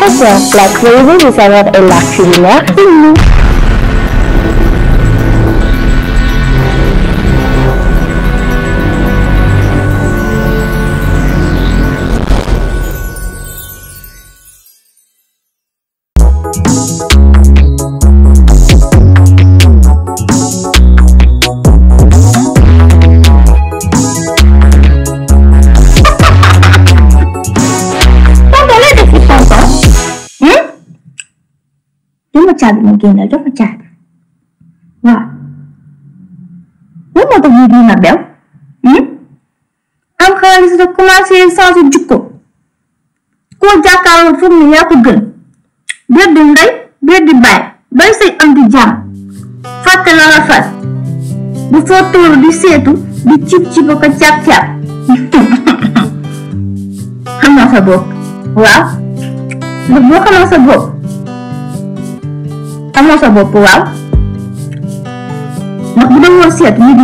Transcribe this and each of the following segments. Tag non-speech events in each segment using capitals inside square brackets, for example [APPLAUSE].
As well, like Raven is our luxury villa chả mình kìm nữa rất là chả rồi nếu mà tôi nhìn mặt béo khơi tôi cũng xin so với chụp cổ cô cha cao phút mình nhau cũng biết đường đấy biết đi bài bấy ăn thì phát tên là phát foto di situ dicip-cip ke cap-cap kan masa bok wow berdua kan masa bok kamu mosoo bopp waaw ndax bu dee woon seet nit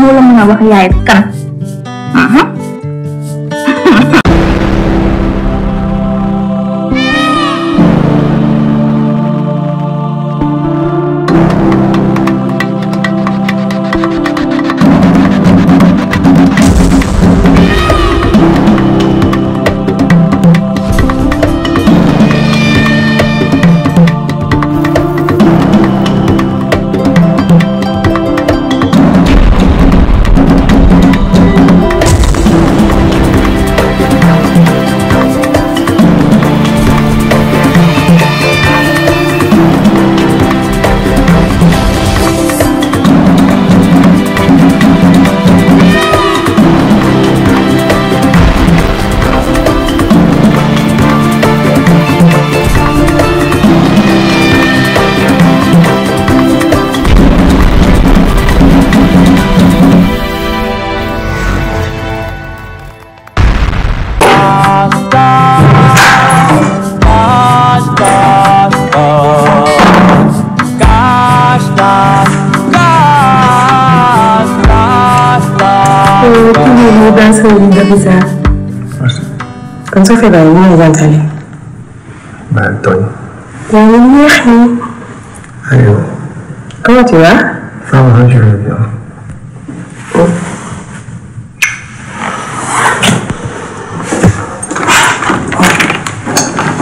فاكر بعينيه ده اتقلب بعينيه بعينيه احنا ايوه قوة بقى فاهم حاجة اه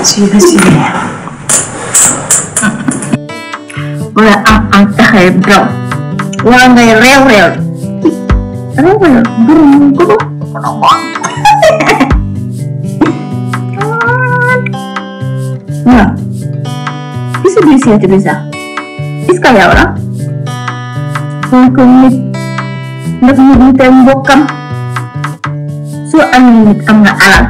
سيدي سيدي Udah apa teh bro? Uang dari rel rel, rel rel, burung, burung, burung. mi seeti bi sax est-ce que yow la donc nit ndax nit ñi tey mbokkam soo amee nit am nga alal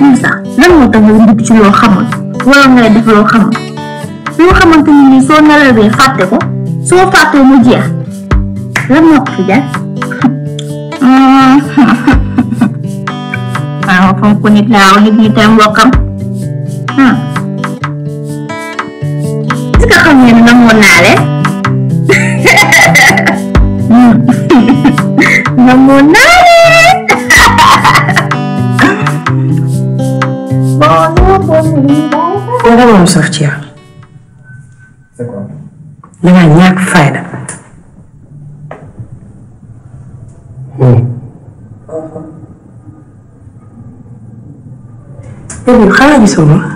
ñun sax lan moo tax nga dugg ci loo xamul wala ngay def loo xamul loo xamante ni nii soo nelawee fàtte ko soo fàttee mu jeex lan moo ko fi jar [LAUGHS] waaw fonk nit laa nit ñi tey mbokkam est-ce que xam ngeen nangoon naa leen nangoon naa leen dama am sax ci yàlla danga ñàkk fayda te xanaa gisoo ma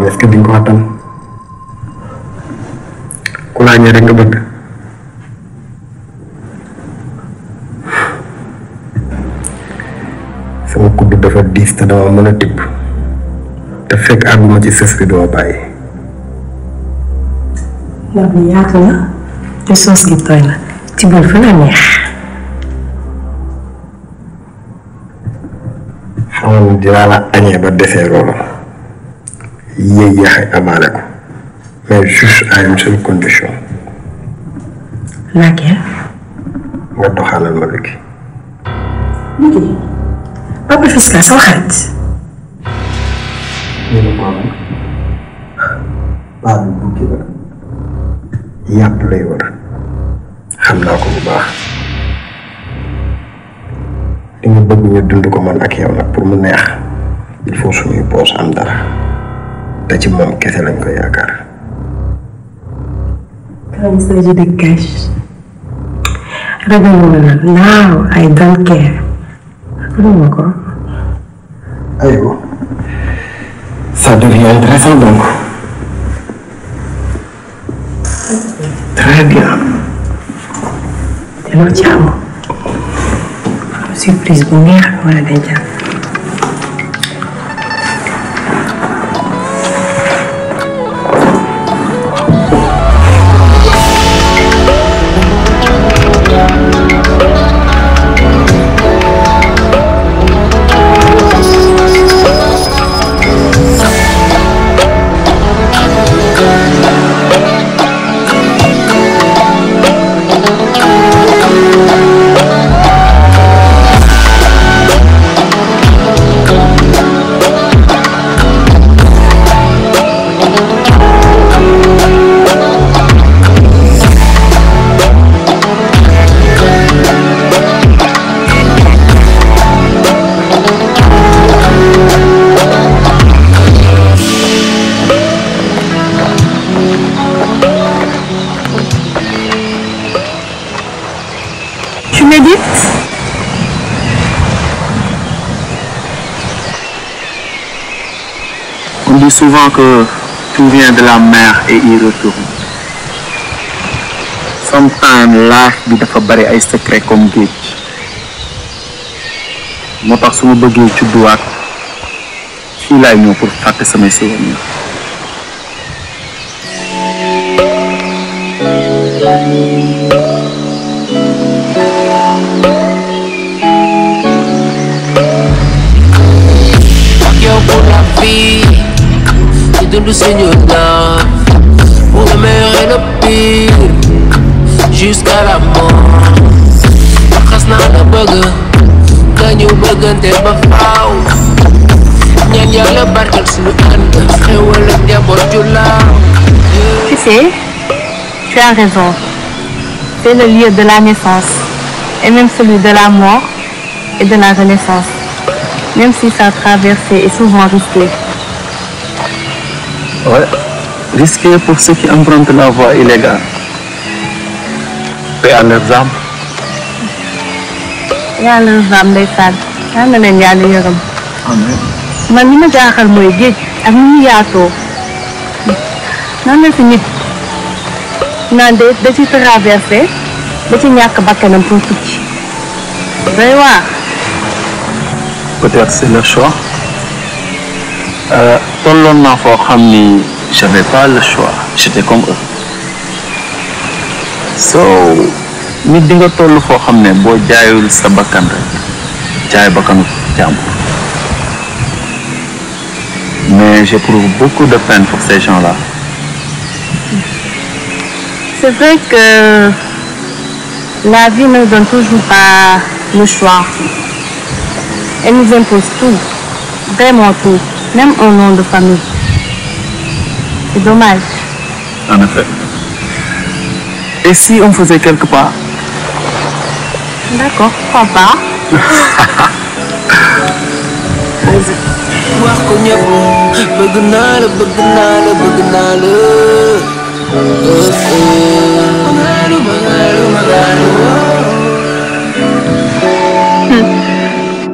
bi est ce que di ko atam ku la ñëre nga bëgg sama kudd dafa diis te dama mën a tibb te fekk àdduma ci sës bi duma bàyyi ndax bi yaatu na te soos gi tooy na ci biir fa la neex xamal dinaa la añee ba desee loolu yéex a amaale ko mais juste à une seule condition. laquelle. nga doxalal ma léegi. léegi papa Fiska sama xarit. ñu ne maanaam paa bi bukki la yàpp lay war xam naa ko bu baax a nga bëgg ñu dund ko man ak yow nag pour mu neex il faut suñuy poos am dara. त्याची मौके से लग गई आकर Come say you the cash. I don't know. Now I don't care. Aku mau kok. Ayo. Sadar ya, terasa dong. Très bien. Te lo ciao. Così preso un ora degli altri. lift. On dit souvent que tout vient de la mer et y retourne. Sometimes life bi dafa bari ay secret comme géej moo tax su ma bëggee judduwaat fii laay ñëw pour fatte sama souvenir. Tu sais, tu as raison. C'est le lieu de la naissance et même celui de la mort et de la renaissance, même si sa traversée est souvent risquée. Ouais, risqué pour ceux qui empruntent la voie illégale. et à leurs à leurs âmes, les fans. Amen. man li ma jaaxal mooy géej ak ni ñu yaatoo nan la fi nit naan de da ci traversé da ci ñàkk bakkanam pour tukki doy waar. peut-être c'est choix euh, tolloon naa foo xam ni j'avais pas le choix j'étais comme so nit di nga toll foo xam ne boo jaayul sa bakkan rek jaay bakkanu jàmbur. mais j'éprouve beaucoup de peine pour ces gens-là. C'est vrai que la vie ne donne toujours pas le choix. Elle nous impose tout, vraiment tout, même au nom de famille. C'est dommage. En effet. Et si on faisait quelque part D'accord, pourquoi pas [LAUGHS] wax ko ñëpp bëgg naa la bëgg naa la bëgg naa la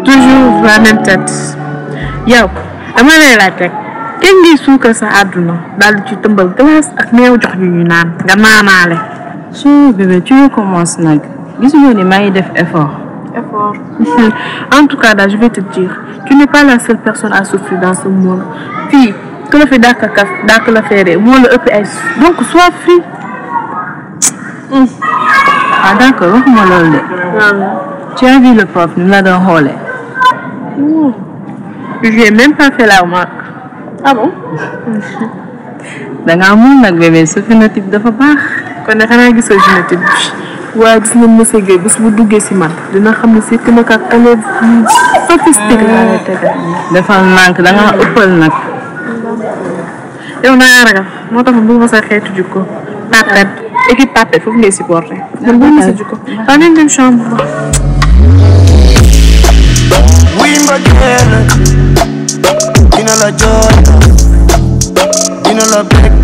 toujours la même tête yow dama lay laaj rek kenn ngi suukar sa àdduna daal di ci tëmbal glace ak meew jox ñu ñu naan nga naanaale. su bébé tu commences nag gis nga ni maa ngi def effort. effort. en tout cas, là, je vais te dire, tu n'es pas la seule personne à souffrir dans ce monde. Puis, que le fait le faire, moi le EPS. Donc, sois free. Hum. Ah, d'accord, moi le Tu as vu le prof, nous l'a dans le hum. Je n'ai même pas fait la remarque. Ah bon? Dans un monde, je vais me souffrir type de papa. Je ne connais rien de ce génétique. waaye gis nga ma Guèye bés bu duggee si man dina xam ne c'est que nag ak élève sophistiqué laa defal nànk da nga ëppal nag. yow naa ragal moo tax bu ma sa xeetu jikko. papet équipe papet foofu ngay supporté. man dina la jooy dina la bëgg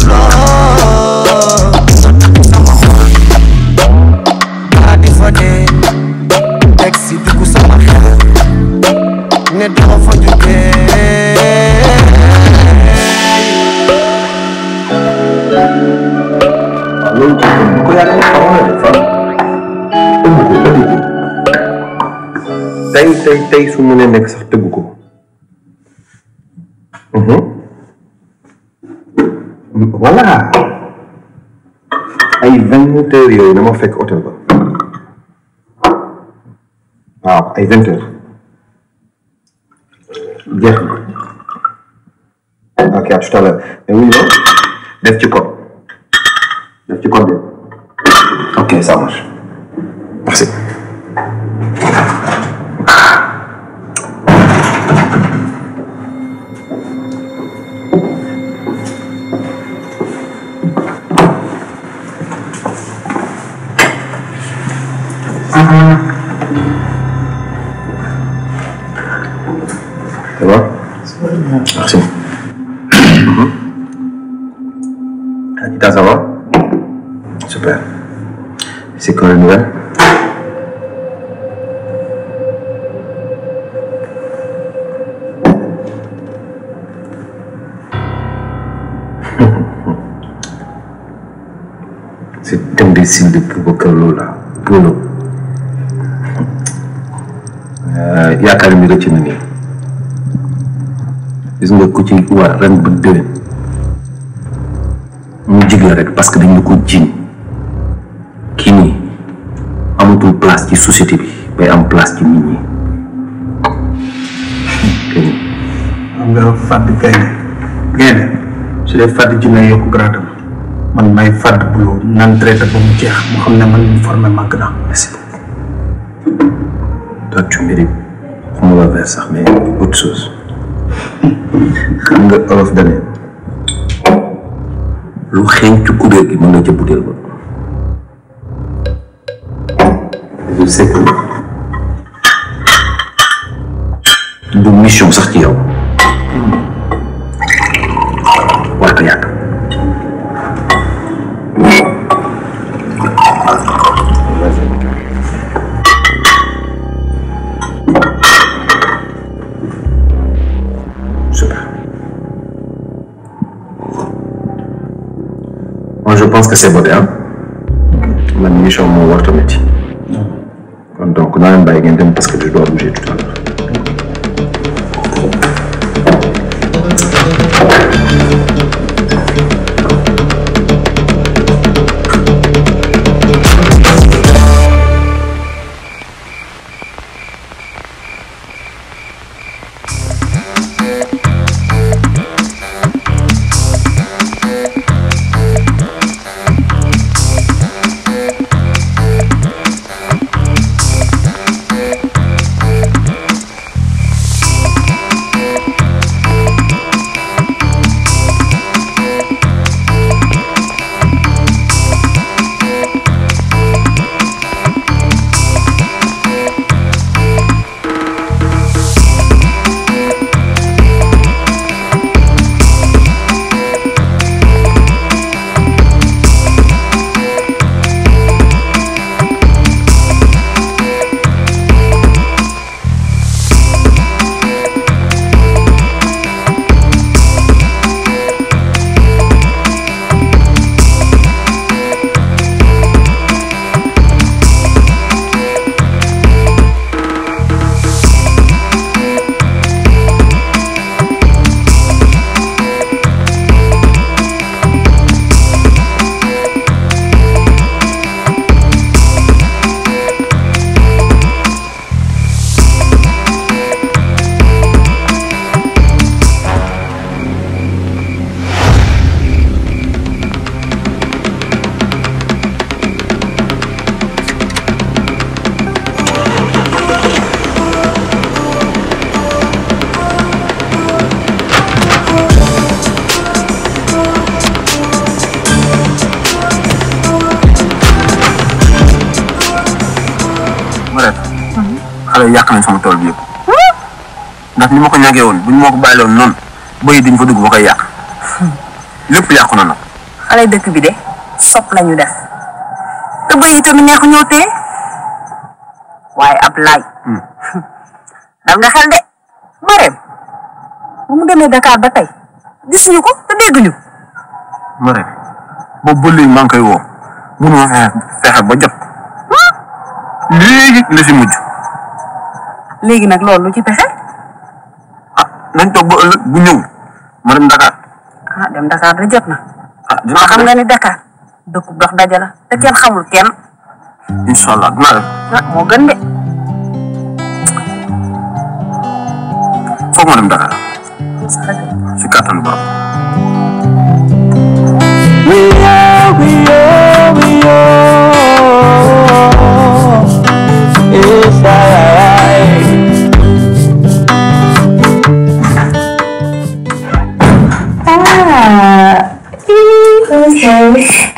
ne doo fa tey tey tey su mu ne nekk sax tëgg ko mhm. voilà ay vingt heures yooyu dama fekk hôtel ba waaw ay jeex na ok à tout à l'heure wuyu def ci code def ok ça sedang di sini dibuka kelola bulu eh, ya kali ini kecil ini di sini kucing keluar dan berdiri menjaga red pas kedengar kucing kini kamu tuh plus di susi tv bayam plus di mini kini ambil fat di kain kain sudah fat di jenayah kuberada man may fàdd bu nan traité bu mu jeex mo xam ne man formé màgg naa merci beaucoup. tu mérites on va vers sax mais autre chose xam nga olof lu xéñ ci kubéer gi mo nga ci boudel ba je sais que du mission sax ci yow pense que c'est bon, hein? Je vais m'en aller sur mon work committee. Donc, je vais m'en aller parce que je dois bouger tout à l'heure. yàq sama tol bi yëpp ndax ni mako ko won buñ moko ko bàyyi loon noonu diñ fa dugg ba koy yàq lépp yàqu na nag alay dekk bi de sop lañu def te boy itam neexu ñoo tee waaye ab laaj hmm. dal nga xel de mareem bu mu demee Dakar ba tey gisuñu ko te dégguñu mareem bo ba mang kay wo mu woo mënu ba jot léegi la si mujj léegi nak lolou lu ci pexe. ah nañ tok bu ëlëk bu ñëw ma dem Dakar. ah dem Dakar da jot na. ah dina xam nga ni Dakar dëkk dox daja la te kenn xamul kenn. inshallah allah dinaa def. ah moo gën dé foog ma dem Dakar. ci katan ba we are, we are, we are.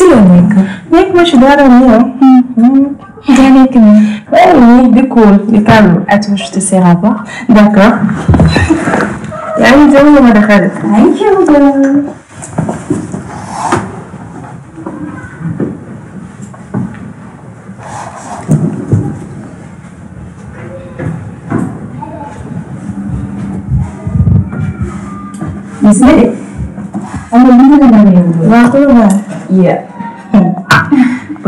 Silônica. Nem que mais ajudaram eu. عليك وي بكل بكل اتوش تسير ابا داكور يعني زوي ما دخلت ايوه بالنسبه لي انا اللي انا بعمله واقوله يا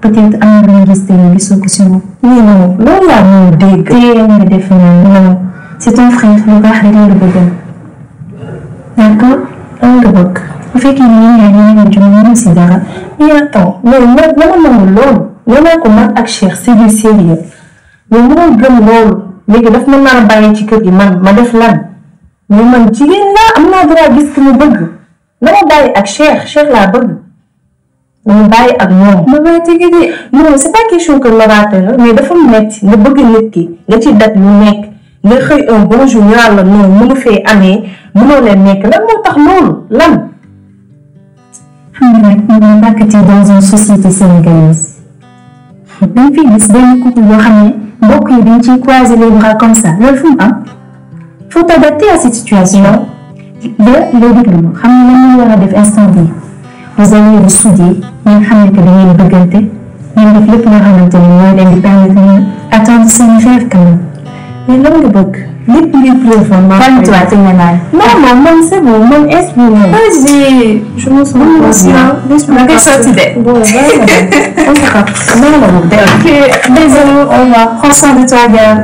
peut-être am na si moom. oui non loolu laa ñuy dégg. tey ton frère lu baax rek bëgg. d'accord am nga bëgg. bu fekkee ne yaa ngi ci si dara. mais attends loolu na na ma ko man ak Cheikh c'est du sérieux. mais mënoo gëm loolu. daf ma nar a bàyyi ci kër gi man ma def lan. mais man jigéen laa am naa droit gis ki bëgg. na ma ak Cheikh Cheikh laa bëgg. ne ak ñoom. ma non c'est pas question que la mais dafa faut nga bëgg nit ki nga ci le mu nekk nga xëy un bon jour la mënu fee amee mënoo nekk lan moo tax loolu lan. xam ñu ngi ci dans une société sénégalaise. dañ fi gis benn couple xam mbokk yi dañ croiser les bras comme ça loolu fu mu faut t'adapter à cette situation. le le xam nga lan la a def instant vous allez vous souder. من حملك به وبقلته من بفلفنا على الدنيا اللي بعدني أتعطي سنة خير كمان من لونج بوك لب لب ما كم تعطينا معي ماما من سبو من اسمه هذي شو اسمه اسمه ما كيف صوتي ده أنتك ما لا مبدأ بيزلو أولا خاصة بتوجع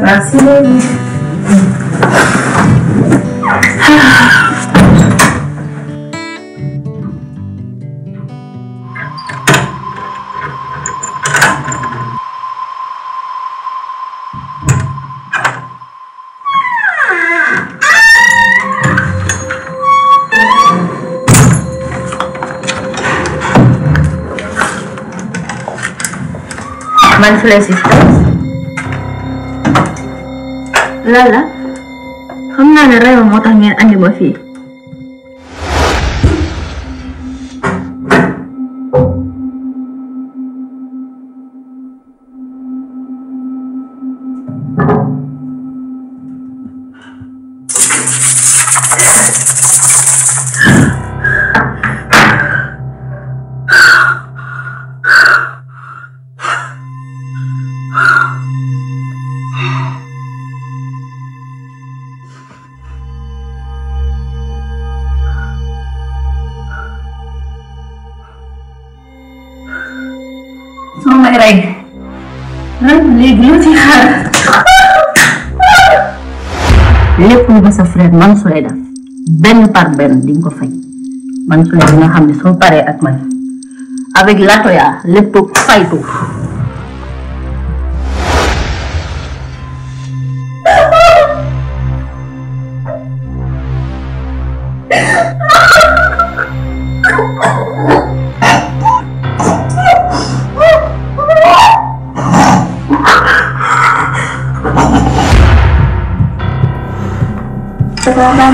మనసులో sister لا لا خلنا نرى الموطن عندي ما فيه lépp lu ba sa frère man su benn par benn ko fay man su lay nga xam ne ak man avec Latoya lépp fay ko.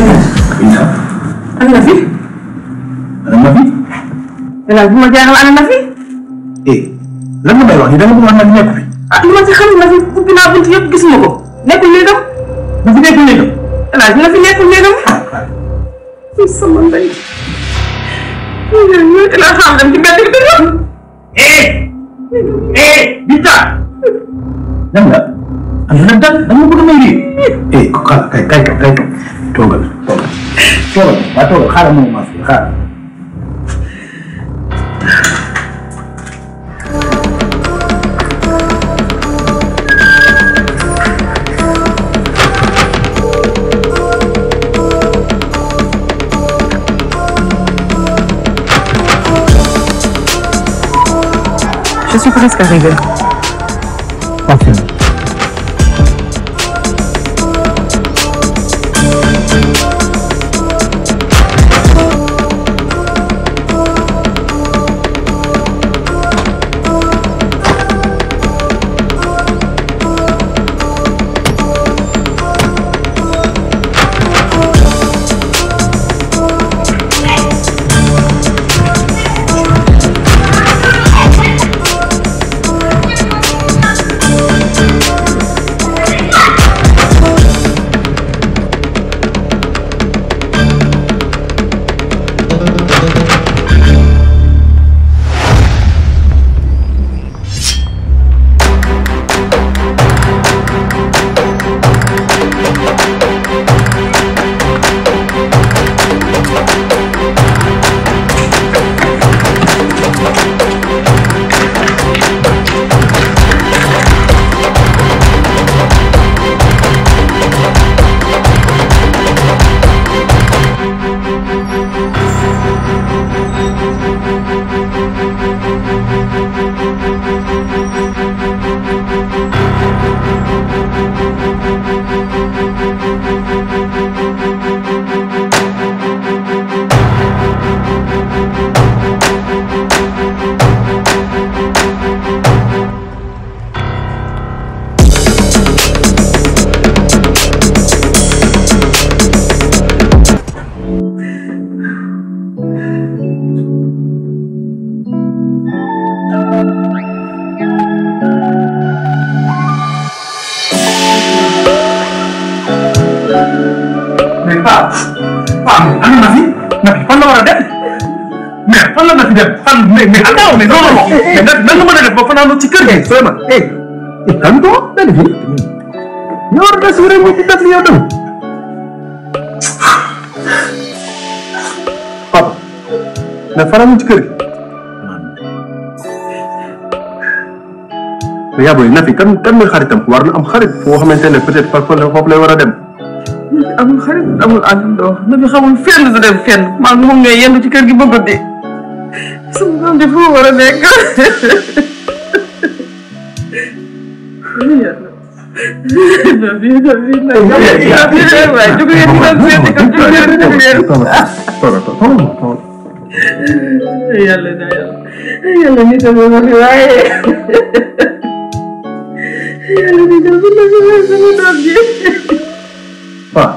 Eh, na fi ana na fi yàlla bu ma jaaxal ana eh lan nga may wax ni da nga bëgg man nekk fi ah lu ma ci xam na Eh, ubbi naa bunt yëpp gis ma ko nekkul néegam bu eh eh bita lan la am na Eh, dama bëgg may lii eh kay Toggle. Toggle. Toggle. Pak Toggle. Kara mau mas. Kara. Je suis presque arrivée. Parfait. waaw waaw ana na fi na fi fan la war a dem mais fan la na fi dem fan mais mais xam nga mais loolu moom mais nag nan nga mën a def ba fanaanoo ci kër gi vraiment eh xam eh, nga benn fi ñu war a des rek mu def li yow dem papa mais fanaanoo ci kër gi mais yaa booy na fi kan kan mooy xaritam war na am xarit foo xamante ne peut-être parfois foofu lay war a dem amul xarit amul àndandoo na bi xamul fenn du dem fenn maa ngi moom ngay yendu ci kër gi ba guddi sama doom di foo war a nekk yàlla na yàlla ni sama ma fi waaye yàlla ni sama doom ji waaw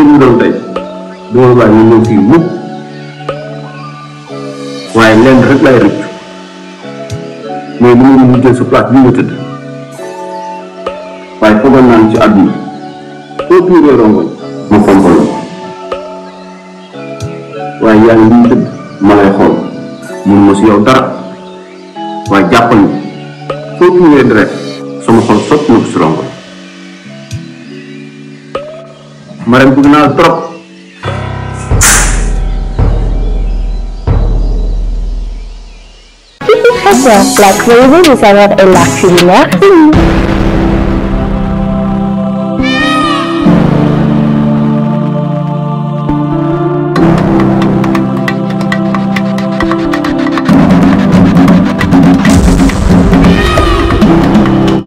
tey mu doon tey duma bàyyi ñu ñëw fii mukk waaye lenn rek lay rëcc mooy li ma mujjee sa place bi nga tëdd waaye foogoon naa ci àdduna foo tuuree rongoñ ma fonkol waaye yaa ngi ñu tëdd ma lay xool mun ma si yow dara waaye jàppal ni foo tuuree deret sama xol sot na ko si rongoñ kemarin dem bëgg naa trop La cuisine, c'est